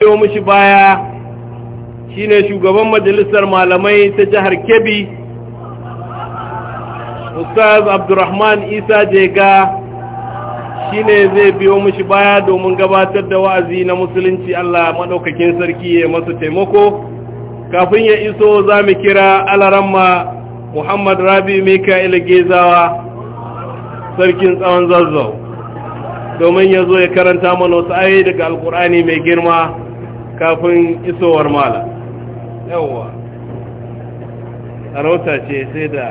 biyo mashi baya shine shugaban majalisar malamai ta jihar Kebbi Ustaz Abdurrahman Isa Jega shine zai biyo mashi baya domin gabatar da wa'azi na musulunci Allah madaukakin sarki ya masa taimako kafin ya iso za mu kira alaramma Muhammad Rabi Mika'il Gezawa sarkin tsawon zazzau domin ya zo ya karanta mana wasu ayoyi daga alkur'ani mai girma kafin isowar mala yawwa sarauta ce sai da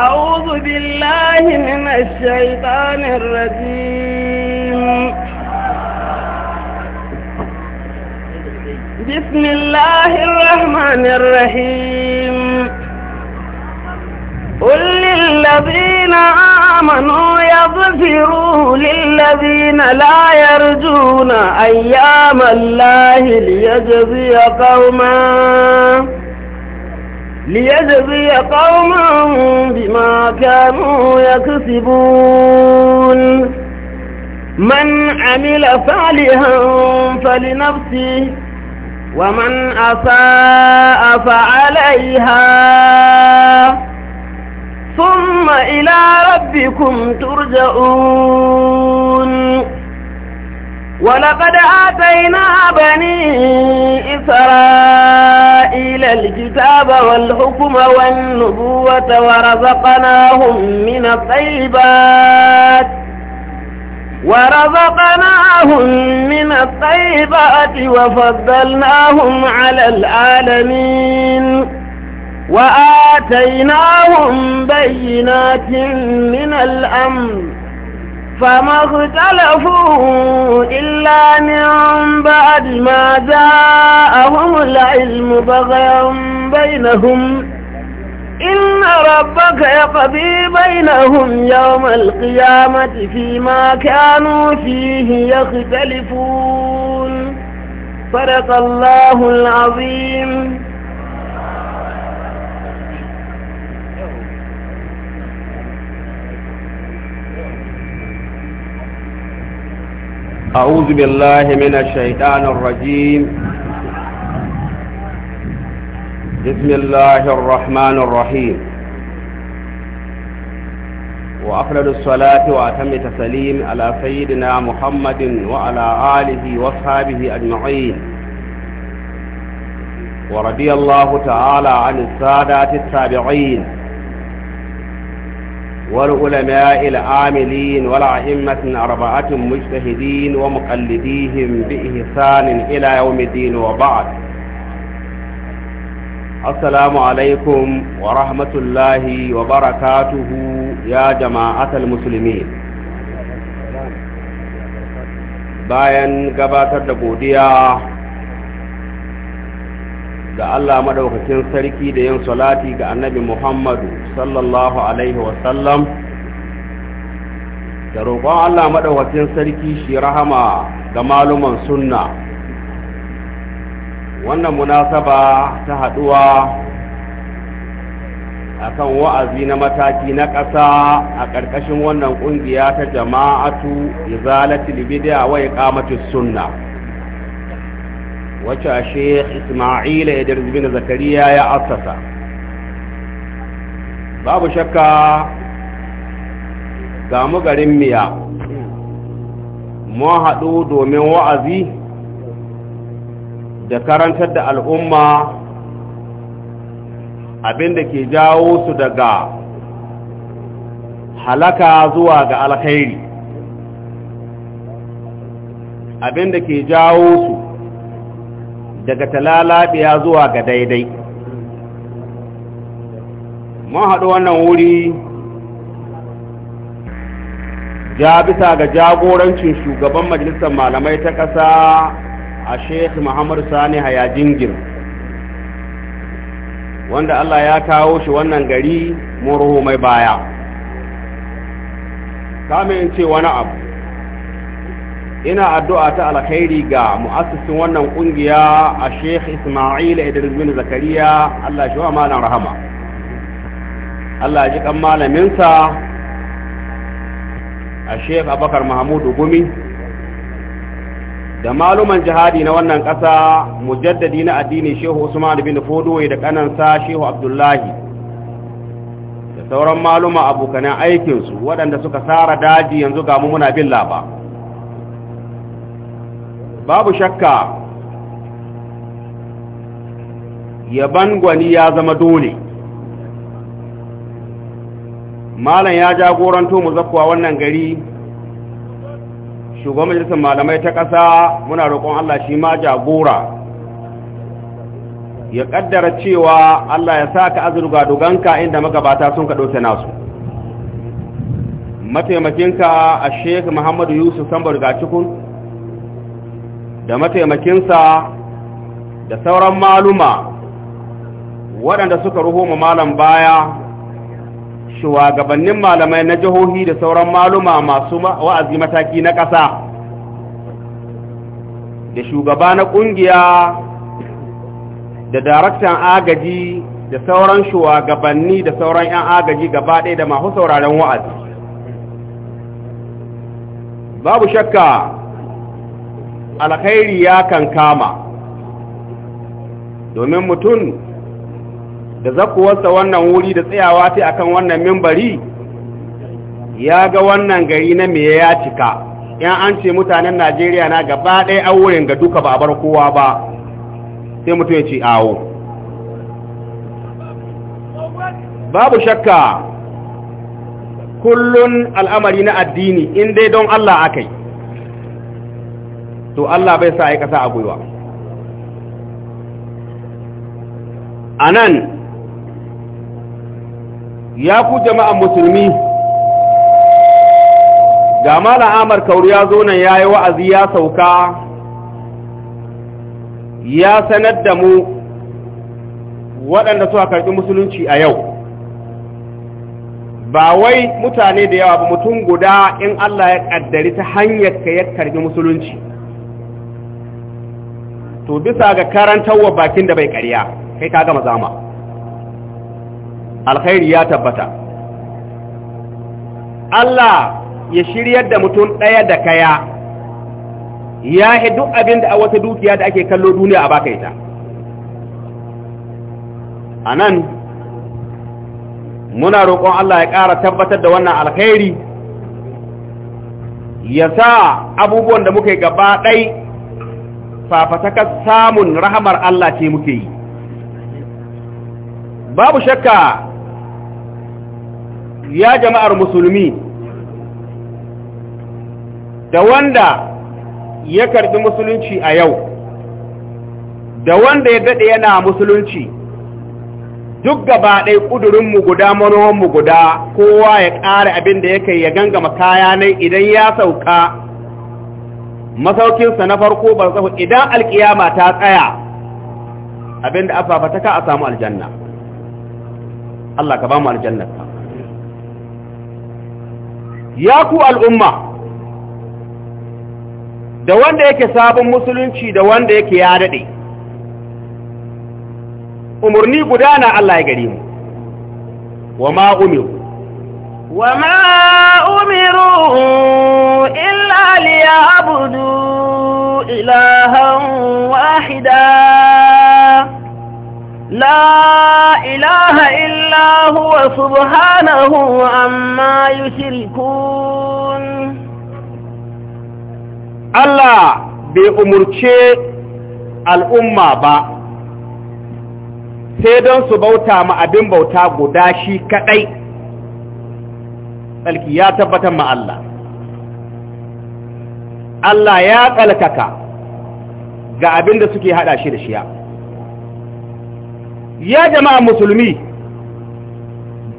أعوذ بالله من الشيطان الرجيم بسم الله الرحمن الرحيم قل للذين الذين آمنوا يغفروا للذين لا يرجون أيام الله ليجزي قوما ليجزي قوما بما كانوا يكسبون من عمل صالحا فلنفسه ومن أساء فعليها وإلى ربكم ترجعون ولقد آتينا بني إسرائيل الكتاب والحكم والنبوة ورزقناهم من الطيبات ورزقناهم من الطيبات وفضلناهم على العالمين وآتيناهم بينات من الأمر فما اختلفوا إلا من بعد ما جاءهم العلم بغيا بينهم إن ربك يقضي بينهم يوم القيامة فيما كانوا فيه يختلفون صدق الله العظيم أعوذ بالله من الشيطان الرجيم بسم الله الرحمن الرحيم وأفرد الصلاة وأتم تسليم على سيدنا محمد وعلى آله وصحبه أجمعين ورضي الله تعالى عن السادات التابعين والعلماء العاملين والأئمة أربعة مجتهدين ومقلديهم بإحسان إلى يوم الدين وبعد السلام عليكم ورحمة الله وبركاته يا جماعة المسلمين bayan gabatar da ga Allah madaukakin sarki da yin salati ga annabi Muhammadu sallallahu alaihi wasallam da roƙon Allah madaukakin sarki shi rahama ga maluman sunna wannan munasaba ta haɗuwa akan wa'azi na mataki na ƙasa a ƙarƙashin wannan ƙungiya ta jama'atu izalati libidiya wa sunna wacce a sheikh ismaila ya bin zakariya ya assasa babu shakka ga garin miya mun haɗu domin wa'azi da karantar da al'umma abinda ke jawo su daga halaka zuwa ga alkhairi abinda ke jawo su daga talalabiya zuwa ga daidai mun haɗu wannan wuri ja bisa ga jagorancin shugaban majalisar malamai ta ƙasa a sheikh muhammadu sani hayajingir wanda allah ya kawo shi wannan gari mun mai baya kamin ce wani abu ina addu'a ta alkhairi ga mu'assisin wannan kungiya a Sheikh Ismail Idris bin Zakariya Allah shi wa malam rahama Allah ji kan a Sheikh Abakar Mahmud Gumi da maluman jihadi na wannan ƙasa mujaddadi na addini shehu Usman bin Fodowe da kanansa shehu Abdullahi da sauran maluma abokanan aikinsu waɗanda suka sara daji yanzu ga mu muna bin laba babu shakka yaban gwani ya zama dole malam ya jagoranto mu zakkuwa wannan gari shugaban majalisar malamai ta ƙasa muna roƙon Allah shi ma jagora ya ƙaddara cewa Allah ya sa ka azurga doganka inda magabata sun ka ɗauke nasu mataimakinka a sheik muhammadu yusuf sambar ga da mataimakinsa da sauran maluma waɗanda suka ruho ma malam baya shugabannin malamai na jihohi da sauran maluma masu wa'azi mataki na ƙasa da shugaba na ƙungiya da daraktan agaji da sauran shugabanni da sauran 'yan agaji gaba ɗaya da masu sauraren wa'azi babu shakka alkhairi ya kan kama domin mutum da zakuwarsa wannan wuri da tsayawa ta akan wannan mimbari ya ga wannan gari na me ya cika yan an ce mutanen najeriya na gaba ɗaya a wurin ga duka ba a bar kowa ba sai mutum ya ce awo babu shakka kullun al'amari na addini in dai don allah aka yi to Allah bai sa aikata a gwiwa a nan ya ku jama'an musulmi ga Malam amar kauri ya zo nan ya yi wa'azi ya sauka ya sanar da mu waɗanda suka karɓi musulunci a yau ba wai mutane da yawa ba mutum guda in Allah ya ƙaddari ta hanyar ka ya karɓi musulunci to bisa ga karantarwa bakin da bai ƙarya kai ka gama zama alkhairi ya tabbata Allah ya shiryar da mutum ɗaya da kaya ya yi duk abin da a wata dukiya da ake kallo duniya a baka ita a nan muna roƙon Allah ya ƙara tabbatar da wannan alkhairi ya sa abubuwan da muka yi gaba ɗai fafataka samun rahamar Allah ce muke yi babu shakka ya jama'ar musulmi da wanda ya karɓi musulunci a yau da wanda ya daɗe yana musulunci duk gaba ɗai ƙudurinmu guda manowanmu guda kowa ya ƙara abin da ya kai ya gangama kaya idan ya sauka masaukinsa na farko ba zahu idan alkiyama ta tsaya abinda a ta a samu aljanna Allah ka ba mu ya ku al'umma da wanda yake sabon musulunci da wanda yake ya daɗe umarni gudana Allah ya gare mu wa ma umiru وما أمروا إلا ليعبدوا إلها واحدا لا إله إلا هو سبحانه عما يشركون الله بأمرك الأمة با sai don su bauta ma abin bauta guda shi kaɗai tsalki ya tabbatar ma Allah Allah ya tsalkaka ga abin da suke haɗa shi da shiya ya jama'a musulmi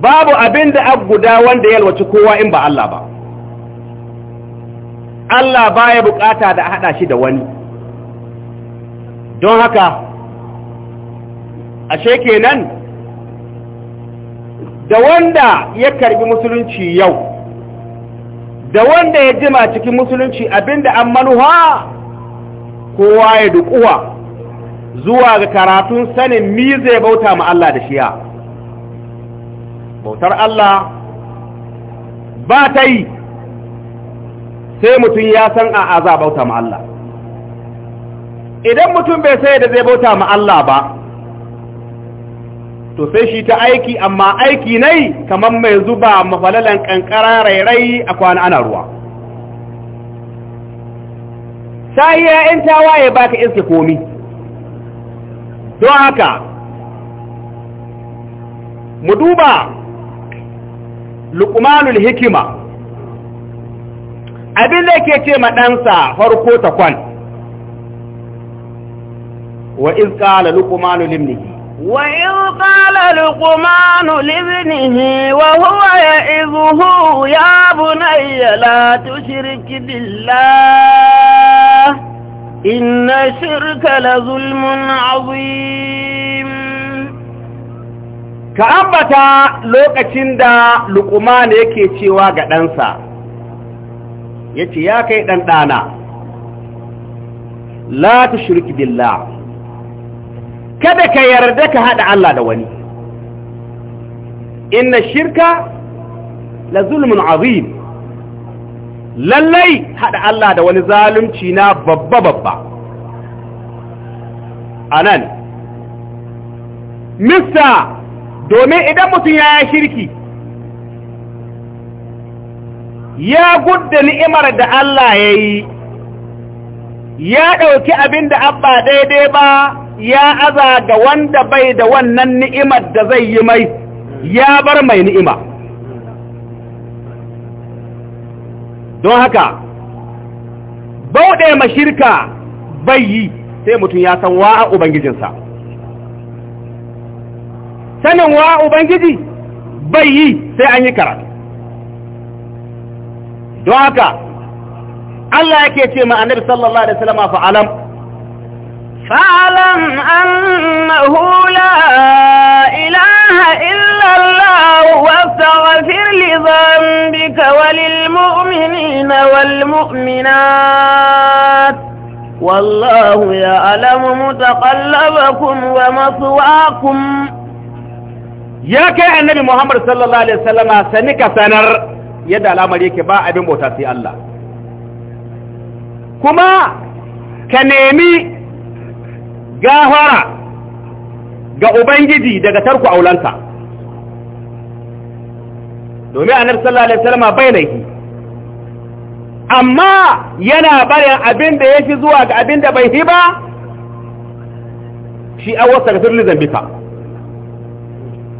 babu abin da guda wanda ya yalwaci kowa in ba Allah ba Allah baya buƙata da haɗa shi da wani don haka ashe kenan da wanda ya karbi musulunci yau da wanda ya jima cikin musulunci abinda an manuwa kowa ya dukuwa zuwa ga karatun sanin mi zai bauta ma Allah da shiya bautar Allah ba ta yi sai mutum ya san a za bauta ma Allah idan mutum bai sai da zai bauta ma Allah ba to sai shi ta aiki amma aiki nai kamar mai zuba mafalalan kankara rairai a kwana ana ruwa ya yan tawaye baka iske komi don haka mu duba luqmanul hikima abin da ke ce ma ɗansa farko ta kwan wa iz qala luqmanul limni وإذ قال لقمان لابنه وهو يئذه يا بني لا تشرك بالله إن الشرك لظلم عظيم كأبتا لوكتين دا لقمان يكي تشيوا قدنسا يتي يا كي لا تشرك بالله kada ka yarda ka haɗa Allah da wani inna shirka la zulmun azim lallai haɗa Allah da wani zalunci na babba babba anan mista domin idan mutum ya shirki ya gudda ni'imar da Allah ya yi ya ɗauki abin da abba daidai ba ya aza ga wanda bai da wannan ni'imar da zai yi mai ya bar mai ni'ima don haka bauɗe mashirka bai yi sai mutum ya san wa'a ubangijinsa sanin wa'a ubangiji bai yi sai an yi karatu don haka Allah yake ce ma annabi sallallahu alaihi wasallam fa alam فاعلم أنه لا إله إلا الله واستغفر لذنبك وللمؤمنين والمؤمنات والله يعلم متقلبكم ومثواكم ya kai annabi Muhammad sallallahu alaihi wasallama sani ka sanar yadda al'amari yake ba abin bauta sai Allah kuma ka nemi gafara ga ubangiji daga tarku aulanta domin annabi sallallahu alaihi wasallam bai amma yana barin abin da yafi zuwa ga abin da bai fi ba, shi wasa ga li zambika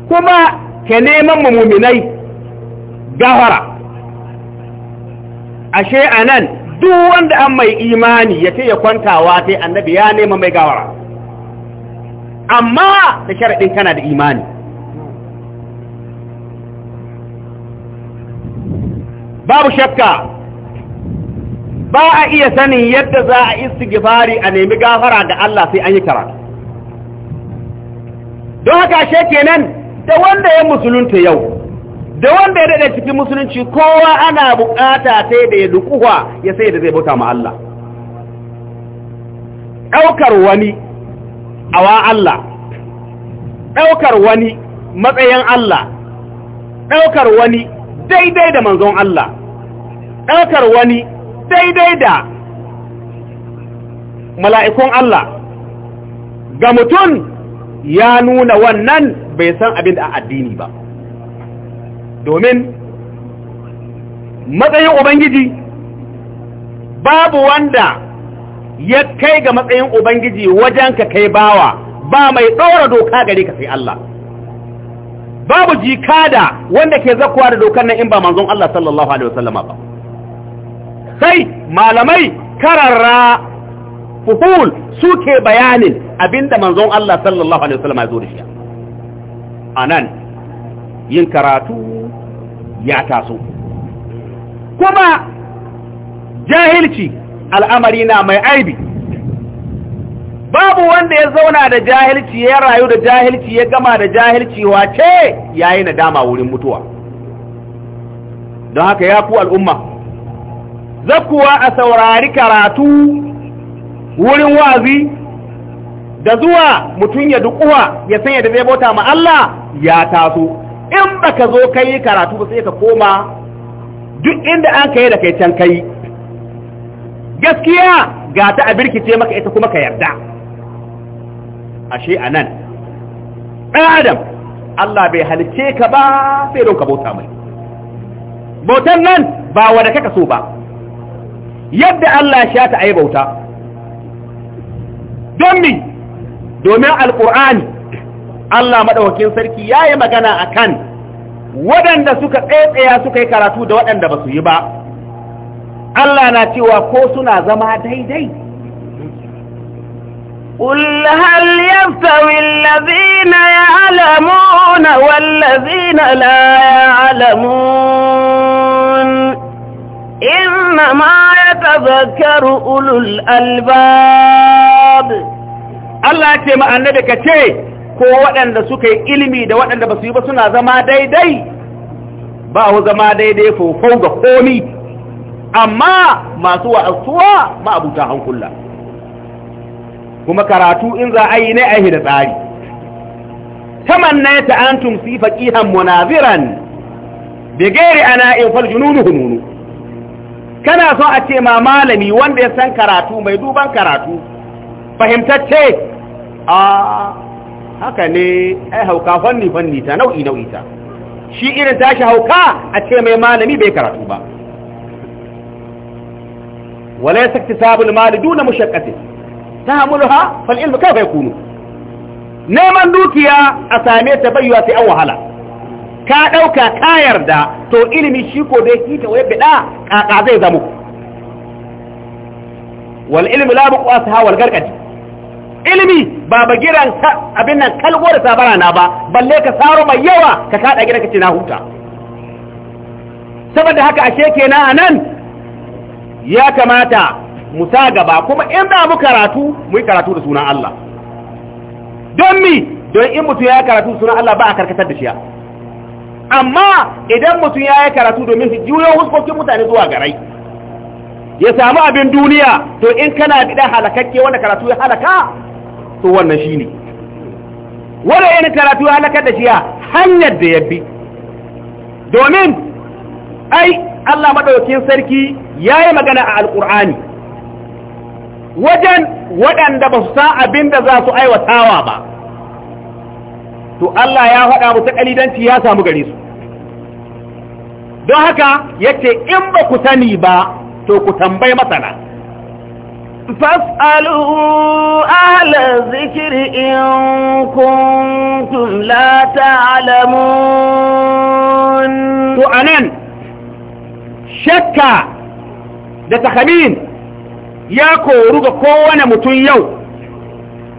kuma ke neman mu'minai gahara ashe anan duk wanda an mai imani ya ce ya kwantawa sai annabi ya nema mai gawara amma da sharaɗin kana da imani babu shakka ba a iya sanin yadda za a gifari a nemi gafara da Allah sai an yi karatu don haka she kenan da wanda ya musulunta yau da wanda ya daɗa cikin musulunci kowa ana bukata sai da ya dukuwa ya sai da zai bauta ma Allah ɗaukar wani awa Allah ɗaukar wani matsayin Allah ɗaukar wani daidai da manzon Allah ɗaukar wani daidai da mala'ikun Allah ga mutum ya nuna wannan bai san abin da a addini ba domin matsayin Ubangiji babu wanda ya kai ga matsayin ubangiji wajen ka kai bawa ba mai ɗora doka gare ka sai Allah babu jikada wanda ke zakuwa da dokar nan in ba manzon Allah sallallahu alaihi wasallama ba sai malamai kararra fuhul suke bayanin abinda manzon Allah sallallahu alaihi wasallama ya zo da shi anan yin karatu ya taso kuma jahilci al'amari na mai aibi babu wanda ya zauna da jahilci ya rayu da jahilci ya gama da jahilci wace yayi nadama wurin mutuwa don haka ya ku al'umma zakuwa a saurari karatu wurin wazi da zuwa mutum ya dukuwa ya sanya da zai bauta ma Allah ya taso in baka zo kai karatu ba sai ka koma duk inda an kai da kai can kai gaskiya ga ta a birkice maka ita kuma ka yarda ashe a nan ɗan adam Allah bai halice ka ba sai don ka bauta mai bautan nan ba wadda kaka so ba yadda Allah sha ta ayi bauta don mi domin alƙur'ani Allah maɗaukakin sarki ya yi magana a kan waɗanda suka tsetseya suka yi karatu da waɗanda ba su yi ba Allah na cewa ko suna zama daidai قل هل يستوي الذين يعلمون والذين لا يعلمون إنما يتذكر أولو الألباب الله كما أنبك شيء ko waɗanda suka yi ilimi da waɗanda ba su yi ba suna zama daidai ba zama daidai fofau ga komi amma masu wa'azuwa abuta hankula kuma karatu in za a yi ne a da tsari tamanna ta an sifa ƙihan munaziran bi ghairi ana'in fal jununu hununu kana so a ce ma malami wanda ya san karatu mai duban karatu fahimtacce a haka ne ai hauka fanni fanni ta nau'i nau'i ta shi irin tashi hauka a ce mai malami bai karatu ba وليس اكتساب المال دون مشقته تحملها فالعلم كيف يكون neman dukiya a same ta bayyuwa sai an wahala ka ɗauka ka yarda to ilimi shi ko da yake waye bida kaka zai zamo wal ilmi la buqa sa wal garqadi ilimi ba ba giran abin nan kalgo da sabara na ba balle ka saro mai yawa ka kada gidan ka ce na huta saboda haka ashe kenan anan ya kamata mu sa gaba kuma in da mu karatu mu yi karatu da sunan Allah don mi don in mutum ya karatu sunan Allah ba a karkatar da shi amma idan mutum ya yi karatu domin su juyo huskokin mutane zuwa garai ya samu abin duniya to in kana gida halakakke wanda karatu ya halaka to wannan shi ne. wanda yin karatu ya halakar da shi hanyar da ya bi domin ai Allah madaukakin sarki ya yi magana a alƙur'ani wajen waɗanda ba su san abin da za su aiwatawa ba to Allah ya faɗa musu ƙalidanci ya samu gare su don haka yace in ba ku sani ba to ku tambayi masana فاسألوا أهل الذكر إن كنتم لا Ku anan, shakka. da takhamin ya koru ga kowane mutum yau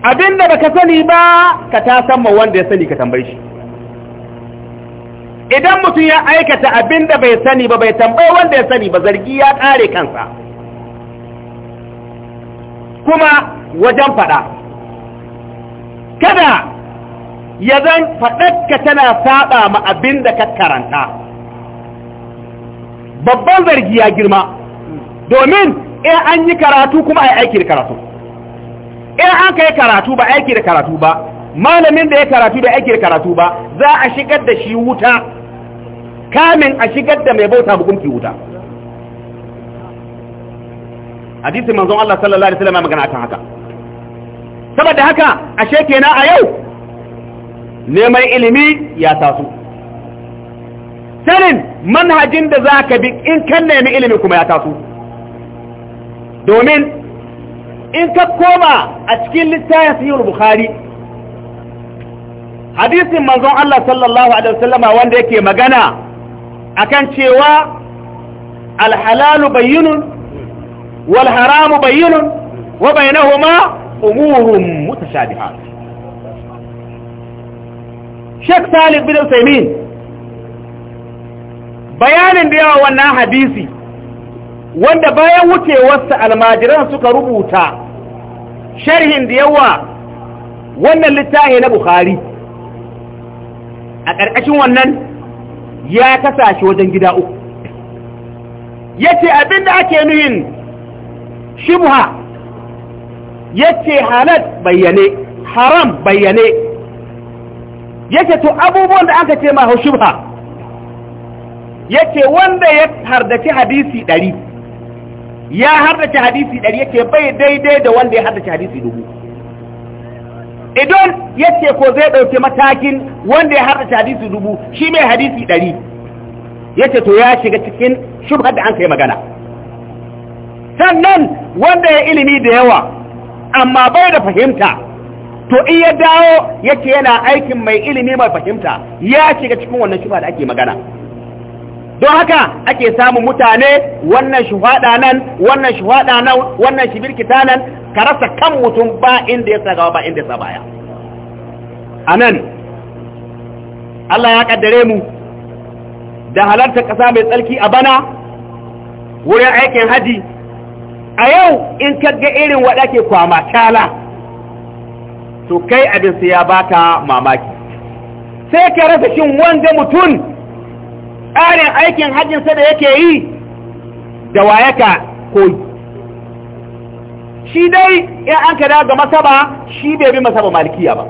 abinda baka sani ba ka ta san wanda ya sani ka tambaye shi idan mutum ya aikata abinda bai sani ba bai tambaye wanda ya sani ba zargi ya kare kansa kuma wajen fada kada ya zan faɗarka tana saba ma abinda ka karanta babban zargi ya girma domin in an yi karatu kuma ai aiki da karatu in an kai karatu ba aiki da karatu ba malamin da ya karatu da aiki da karatu ba za a shigar da shi wuta kamin a shigar da mai bauta hukunci wuta hadisi manzon Allah sallallahu alaihi wasallam ya magana akan haka saboda haka ashe kenan a yau neman ilimi ya taso sanin manhajin da za ka bi in kan nemi ilimi kuma ya taso domin in ka koma a cikin littafin sahihul bukhari hadisin manzon Allah sallallahu alaihi wasallama wanda yake magana akan cewa alhalalu bayyinun wal haramu bayyinun wa bainahuma umurun mutashabihat Sheikh Salih bin Uthaymeen bayanin da yawa wannan hadisi wanda bayan wucewarsa almajiran suka rubuta sharhin da yawa wannan littafi na bukhari a ƙarƙashin wannan ya kasashe wajen gida uku yace abinda ake nuhin shibha yace halal bayyane haram bayyane yace to abubuwan da aka ce ma shibha yace wanda ya hardace hadisi ɗari. ya haddace hadisi ɗari yake bai daidai da wanda ya haddace hadisi dubu idan yake ko zai ɗauki matakin wanda ya haddace hadisi dubu shi mai hadisi ɗari yace to ya shiga cikin shubhar da an kai magana sannan wanda ya ilimi da yawa amma bai da fahimta to in ya dawo yake yana aikin mai ilimi mai fahimta ya shiga cikin wannan shubha da ake magana don haka ake samun mutane wannan shuhada nan wannan shuhada nan wannan shibirkita nan ka rasa kan mutum ba inda ya sagawa ba inda ya A nan Allah ya kaddare mu da halarta ƙasa mai tsarki a bana wurin aikin haji a yau in kaga irin wada ke kwama tala to kai abin ya ya baka mamaki sai ka rasa shin wanda mutum ƙarin aikin hajjinsa da yake yi da waye ka koyi shi dai ya an ka dawo ga masaba shi bai bi masaba malikiya ba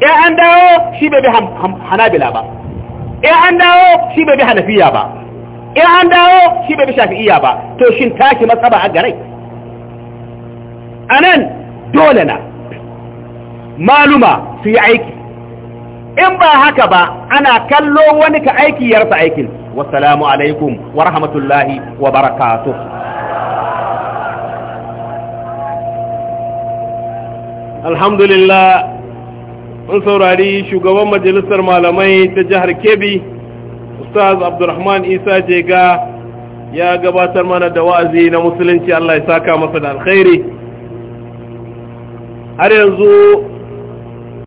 Ya an dawo shi bai bi hanabila ba Ya an dawo shi bai bi hanafiya ba Ya an dawo shi bai bi shafi'iya ba to shin tashi masaba a garai anan dole na maluma su yi aiki in ba haka ba ana kallo wani ka aiki yarsa aikin wasalamu alaikum wa rahmatullahi wa barakatuh alhamdulillah mun saurari shugaban majalisar malamai ta jihar kebbi ustaz abdulrahman isa jega ya gabatar mana da wa'azi na musulunci allah ya saka masa da alkhairi har yanzu